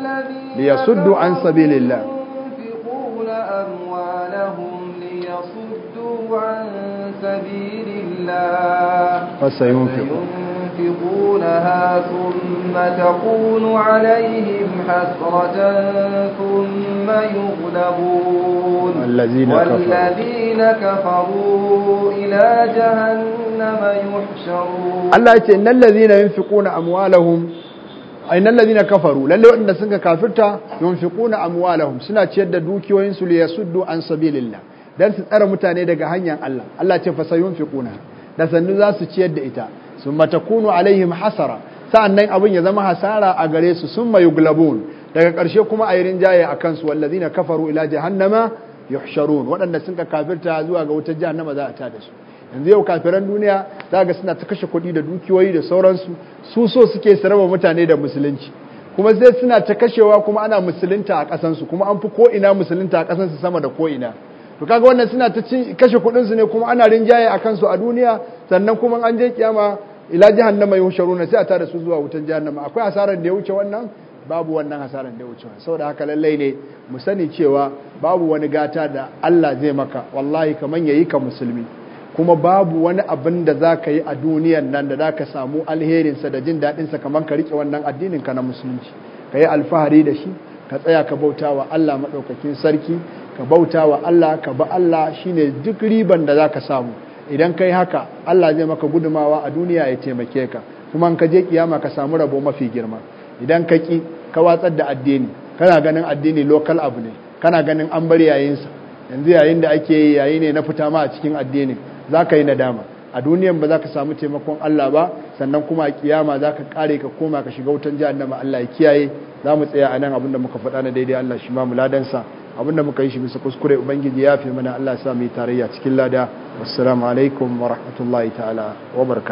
liyasuddu an sabilillah yunfiquna amwalahum liyasuddu an sabilillah fasayunfiquna ينفقونها ثم تكون عليهم حسرة ثم يغلبون والذين, والذين كفروا إلى جهنم يحشرون الله يقول إن الذين ينفقون أموالهم أين الذين كفروا للو أن سنك كافرتا ينفقون أموالهم سنة تشد دوكي وينسوا ليسدوا عن سبيل الله dan su tsara mutane daga hanyar Allah Allah ce fa sayun fiquna da sannu za su ciyar da ita summa matakunu alaihim hasara nan abin ya zama hasara a gare su sun mayu glabun daga ƙarshe kuma a yi rinjaye a kansu wallazi na kafaru ila jahannama yusharun waɗanda sun ka kafirta zuwa ga wutar jahannama za a ta da su yanzu yau kafiran duniya za ga suna ta kashe kuɗi da dukiyoyi da sauransu su so suke su mutane da musulunci kuma sai suna ta kashewa kuma ana musulunta a ƙasansu kuma an fi ko'ina musulunta a ƙasansu sama da ko'ina to kaga wannan suna ta kashe kuɗinsu ne kuma ana rinjaye a kansu a duniya sannan kuma an je kiyama ila jahannama yusharuna sai a tare su zuwa wutan jahannama akwai asaran da ya wuce wannan babu wannan hasaran da ya wuce saboda haka lallai ne mu sani cewa babu wani gata da Allah zai maka wallahi kaman yayi ka musulmi kuma babu wani abin da zaka yi a duniyar nan da zaka ka samu alherinsa da jin sa kamar ka rike wannan addinin ka na musulunci ka yi alfahari da shi ka tsaya ka bauta wa Allah maɗaukakin sarki ka bauta wa Allah ka ba Allah shine duk riban da za ka samu idan kai haka Allah zai maka gudumawa a duniya ya taimake ka kuma ka je kiyama ka samu rabo mafi girma idan ka ki ka watsar da addini kana ganin addini local abu ne kana ganin an bar yayinsa yanzu yayin da ake yi yayi ne na fita ma a cikin addini zaka ka yi nadama a duniyan ba za ka samu taimakon Allah ba sannan kuma a kiyama za ka kare ka koma ka shiga wutan jahannama Allah ya kiyaye za mu tsaya a nan abinda muka faɗa na daidai Allah shi ma muladansa abinda muka yi shi bisa kuskure ubangiji ya fi mana Allah ya sa mu tarayya cikin lada wassalamu alaikum wa rahmatullahi ta'ala wa barakatuh